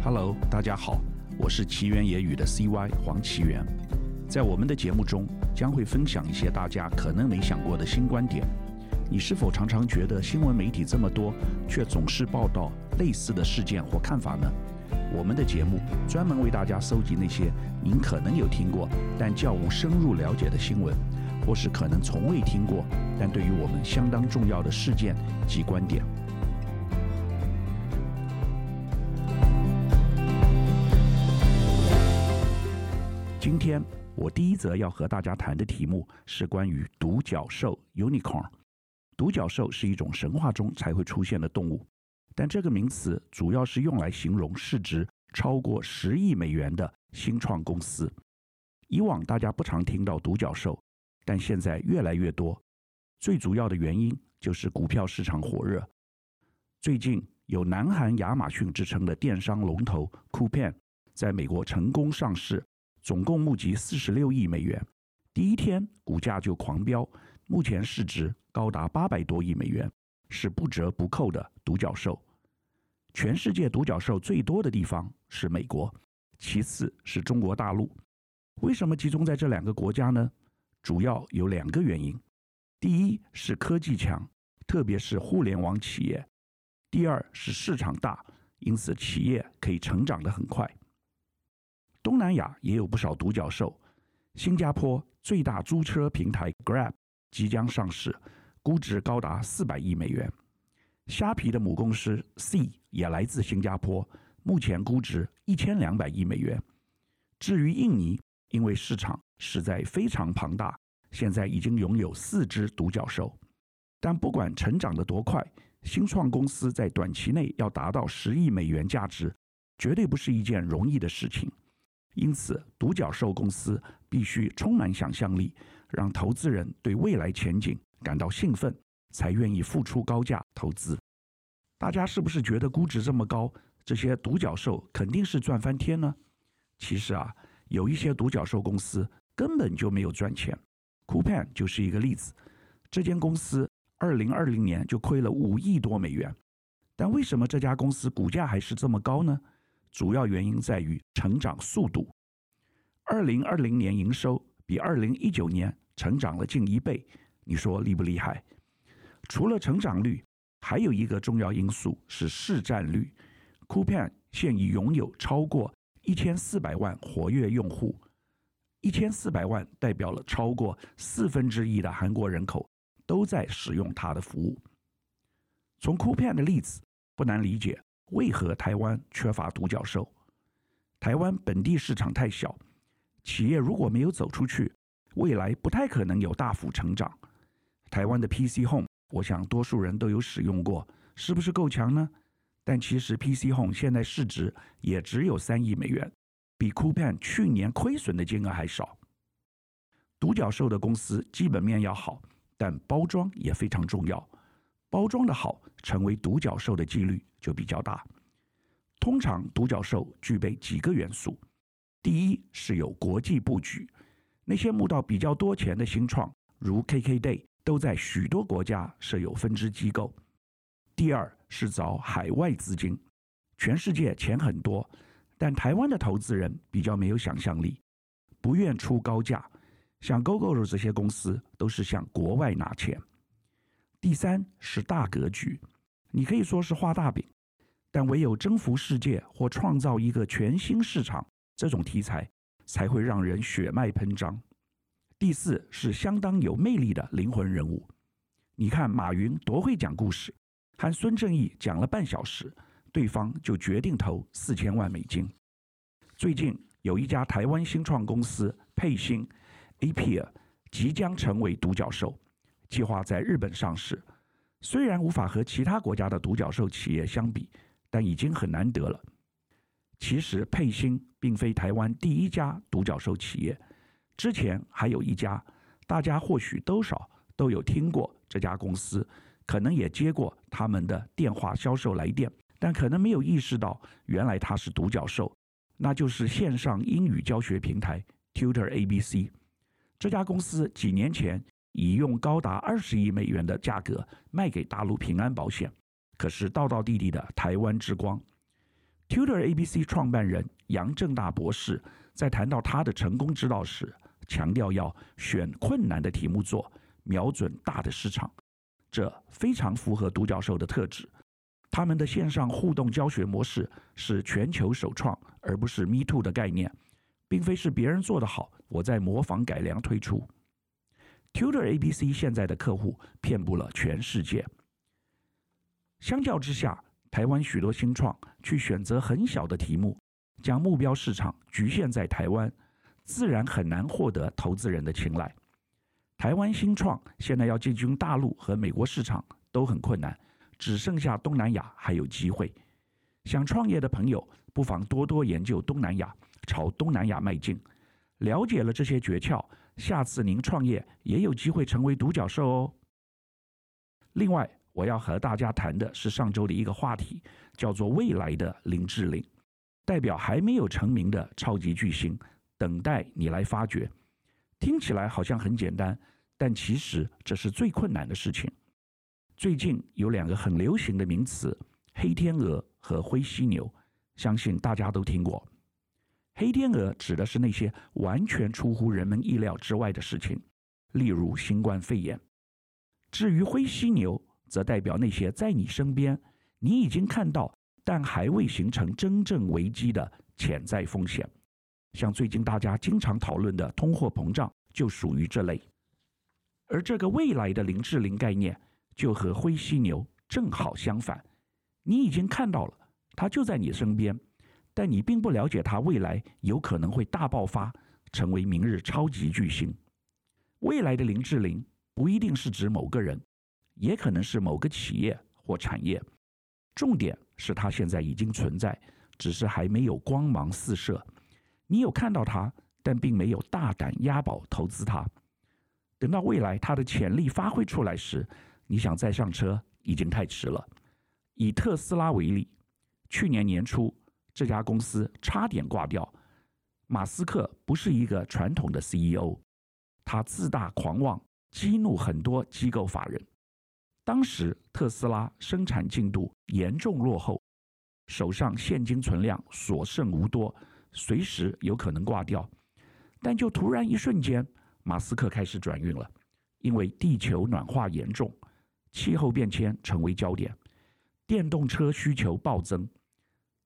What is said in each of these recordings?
Hello，大家好，我是齊元野語的 CY 黃齊元。在我們的節目中，將會分享一些大家可能沒想過的新觀點。你是否常常覺得新聞媒體這麼多，卻總是報道類似的事件或看法呢？我們的節目專門為大家蒐集那些您可能有聽過但較無深入了解的新聞，或是可能從未聽過但對於我們相當重要的事件及觀點。今天我第一則要和大家談的題目是關於獨角獸 （unicorn）。獨角獸是一種神話中才會出現的動物，但這個名詞主要是用來形容市值超過十億美元的新創公司。以往大家不常聽到獨角獸，但現在越來越多。最主要的原因就是股票市場火熱。最近有“南韓亞馬遜”之稱的電商龍頭 Coupang 在美國成功上市。總共募集四十六億美元，第一天股價就狂飆，目前市值高達八百多億美元，是不折不扣的獨角獸。全世界獨角獸最多的地方是美國，其次是中國大陸。為什麼集中在這兩個國家呢？主要有兩個原因：第一是科技強，特別是互聯網企業；第二是市場大，因此企業可以成長得很快。東南亞也有不少獨角獸，新加坡最大租車平台 Grab 即將上市，估值高達四百億美元。蝦皮的母公司 C 也來自新加坡，目前估值一千兩百億美元。至於印尼，因為市場實在非常龐大，現在已經擁有四隻獨角獸。但不管成長得多快，新創公司在短期內要達到十億美元價值，絕對不是一件容易的事情。因此，獨角獸公司必須充滿想象力，讓投資人對未來前景感到興奮，才願意付出高價投資。大家是不是覺得估值這麼高，這些獨角獸肯定是賺翻天呢？其實啊，有一些獨角獸公司根本就沒有賺錢。Coupang 就是一個例子。這間公司二零二零年就虧了五億多美元，但為什麼這家公司股價還是這麼高呢？主要原因在於成長速度，二零二零年營收比二零一九年成長了近一倍，你說厲不厲害？除了成長率，還有一個重要因素是市占率。Coupang 現已擁有超過一千四百萬活躍用戶，一千四百萬代表了超過四分之一的韓國人口都在使用它的服務。從 Coupang 的例子不難理解。為何台灣缺乏獨角獸？台灣本地市場太小，企業如果沒有走出去，未來不太可能有大幅成長。台灣的 PC Home，我想多數人都有使用過，是不是夠強呢？但其實 PC Home 現在市值也只有三億美元，比 Coupang 去年虧損的金額還少。獨角獸的公司基本面要好，但包裝也非常重要。包裝得好，成為獨角獸的幾率。就比較大。通常獨角獸具備幾個元素：第一是有國際布局，那些募到比較多錢的新創，如 KKday，都在許多國家設有分支機構；第二是找海外資金，全世界錢很多，但台灣的投資人比較沒有想象力，不願出高價，像 Gogoro 這些公司都是向國外拿錢；第三是大格局。你可以說是畫大餅，但唯有征服世界或創造一個全新市場這種題材，才會讓人血脈噴張。第四是相當有魅力的靈魂人物。你看馬雲多會講故事，和孫正義講了半小時，對方就決定投四千萬美金。最近有一家台灣新創公司沛星 a p r a 即將成為獨角獸，計劃在日本上市。雖然無法和其他國家的獨角獸企業相比，但已經很難得了。其實，沛星並非台灣第一家獨角獸企業，之前還有一家，大家或許多少都有聽過這家公司，可能也接過他們的電話銷售來電，但可能沒有意識到原來他是獨角獸，那就是線上英語教學平台 Tutor ABC。這家公司幾年前，以用高達二十億美元的價格賣給大陸平安保險，可是道道地地的台灣之光。TutorABC 創辦人楊正大博士在談到他的成功之道時，強調要選困難的題目做，瞄準大的市場。這非常符合獨角獸的特質。他們的線上互動教學模式是全球首創，而不是 Me Too 的概念，並非是別人做得好，我在模仿改良推出。Tudor ABC 現在的客戶遍布了全世界。相較之下，台灣許多新創去選擇很小的題目，將目標市場局限在台灣，自然很難獲得投資人的青睞。台灣新創現在要進軍大陸和美國市場都很困難，只剩下東南亞還有機會。想創業的朋友，不妨多多研究東南亞，朝東南亞邁進。了解了這些訣竅。下次您創業也有機會成為獨角獸哦。另外，我要和大家談的是上周的一個話題，叫做“未來的林志玲”，代表還沒有成名的超級巨星，等待你來發掘。聽起來好像很簡單，但其實這是最困難的事情。最近有兩個很流行的名詞：黑天鵝和灰犀牛，相信大家都聽過。黑天鵝指的是那些完全出乎人們意料之外的事情，例如新冠肺炎。至於灰犀牛，則代表那些在你身邊、你已經看到但還未形成真正危機的潛在風險，像最近大家經常討論的通貨膨脹就屬於這類。而這個未來的林志玲概念，就和灰犀牛正好相反，你已經看到了，它就在你身邊。但你並不了解他未來有可能會大爆發，成為明日超級巨星。未來的林志玲不一定是指某個人，也可能是某個企業或產業。重點是他現在已經存在，只是還沒有光芒四射。你有看到他，但並沒有大膽押寶投資他。等到未來他的潛力發揮出來時，你想再上車已經太遲了。以特斯拉為例，去年年初。這家公司差點掛掉。馬斯克不是一個傳統的 CEO，他自大狂妄，激怒很多機構法人。當時特斯拉生產進度嚴重落後，手上現金存量所剩無多，隨時有可能掛掉。但就突然一瞬間，馬斯克開始轉運了，因為地球暖化嚴重，氣候變遷成為焦點，電動車需求暴增。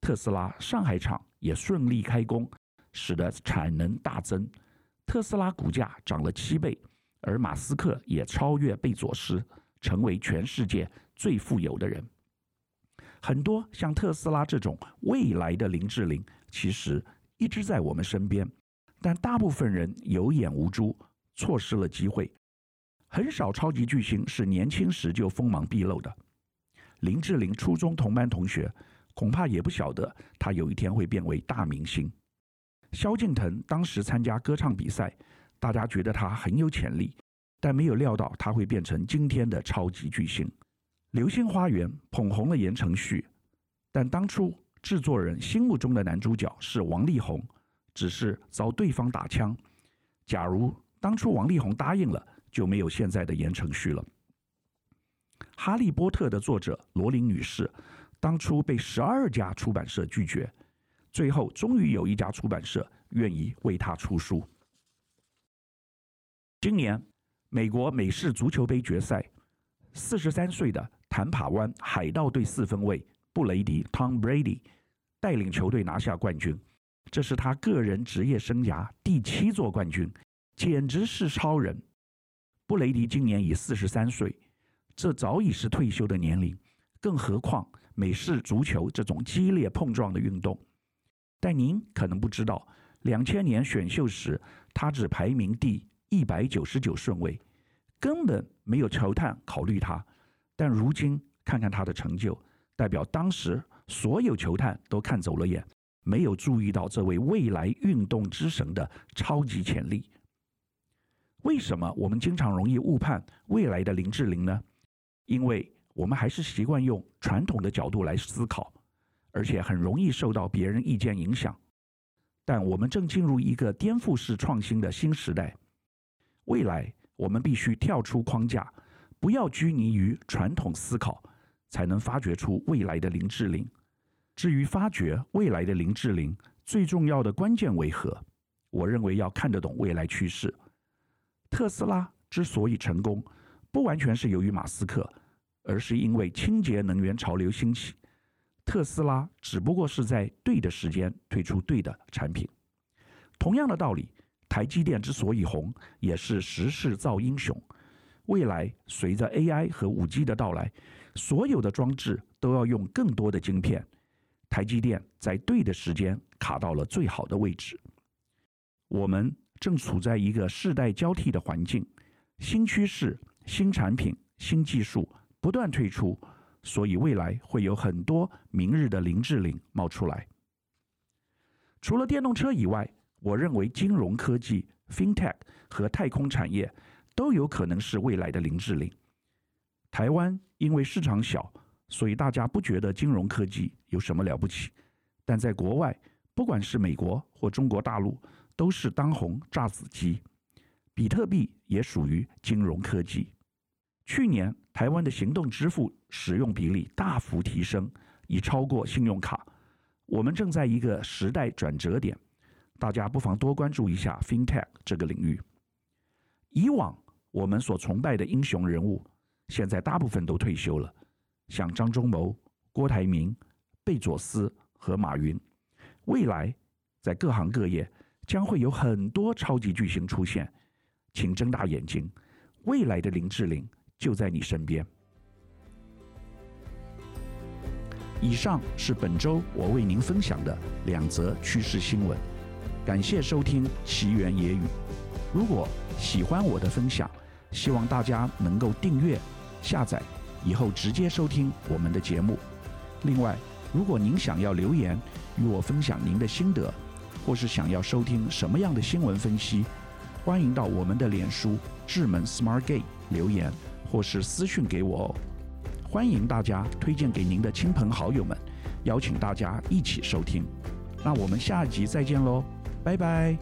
特斯拉上海廠也順利開工，使得產能大增。特斯拉股價漲了七倍，而馬斯克也超越貝佐斯，成為全世界最富有的人。很多像特斯拉這種未來的林志玲，其實一直在我們身邊，但大部分人有眼無珠，錯失了機會。很少超級巨星是年輕時就鋒芒畢露的。林志玲初中同班同學。恐怕也不曉得他有一天會變為大明星。蕭敬騰當時參加歌唱比賽，大家覺得他很有潛力，但沒有料到他會變成今天的超級巨星。《流星花園》捧紅了言承旭，但當初製作人心目中的男主角是王力宏，只是遭對方打槍。假如當初王力宏答應了，就沒有現在的言承旭了。《哈利波特》的作者羅琳女士。當初被十二家出版社拒絕，最後終於有一家出版社願意為他出書。今年美國美式足球杯決賽，四十三歲的坦帕灣海盜隊四分衛布雷迪 （Tom Brady） 帶領球隊拿下冠軍，這是他個人職業生涯第七座冠軍，簡直是超人。布雷迪今年已四十三歲，這早已是退休的年齡，更何況。美式足球這種激烈碰撞的運動，但您可能不知道，兩千年選秀時他只排名第一百九十九順位，根本沒有球探考慮他。但如今看看他的成就，代表當時所有球探都看走了眼，沒有注意到這位未來運動之神的超級潛力。為什麼我們經常容易誤判未來的林志玲呢？因為。我們還是習慣用傳統的角度來思考，而且很容易受到別人意見影響。但我們正進入一個顛覆式創新的新時代，未來我們必須跳出框架，不要拘泥於傳統思考，才能發掘出未來的林志玲。至於發掘未來的林志玲，最重要的關鍵為何？我認為要看得懂未來趨勢。特斯拉之所以成功，不完全是由於馬斯克。而是因為清潔能源潮流興起，特斯拉只不過是在對的時間推出對的產品。同樣的道理，台積電之所以紅，也是時勢造英雄。未來隨着 AI 和五 G 的到來，所有的裝置都要用更多的晶片，台積電在對的時間卡到了最好的位置。我們正處在一個世代交替的環境，新趨勢、新產品、新產品、新技術，不斷退出，所以未來會有很多明日的林志玲冒出來。除了電動車以外，我認為金融科技 （FinTech） 和太空產業都有可能是未來的林志玲。台灣因為市場小，所以大家不覺得金融科技有什麼了不起，但在國外，不管是美國或中國大陸，都是當紅炸子雞。比特幣也屬於金融科技。去年，臺灣的行動支付使用比例大幅提升，已超過信用卡。我們正在一個時代轉折點，大家不妨多關注一下 fintech 這個領域。以往我們所崇拜的英雄人物，現在大部分都退休了，像張忠謀、郭台銘、貝佐斯和馬雲。未來在各行各業將會有很多超級巨星出現，請睜大眼睛，未來的林志玲，就在你身邊。以上是本週我為您分享的兩則趨勢新聞。感謝收聽奇緣野語。如果喜歡我的分享，希望大家能夠訂閱、下載，以後直接收聽我們的節目。另外，如果您想要留言與我分享您的心得，或是想要收聽什麼樣的新聞分析，歡迎到我們的臉書智能 Smart Gate 留言。或是私訊給我哦，歡迎大家推薦給您的親朋好友們，邀請大家一起收聽。那我們下一集再見嘍，拜拜。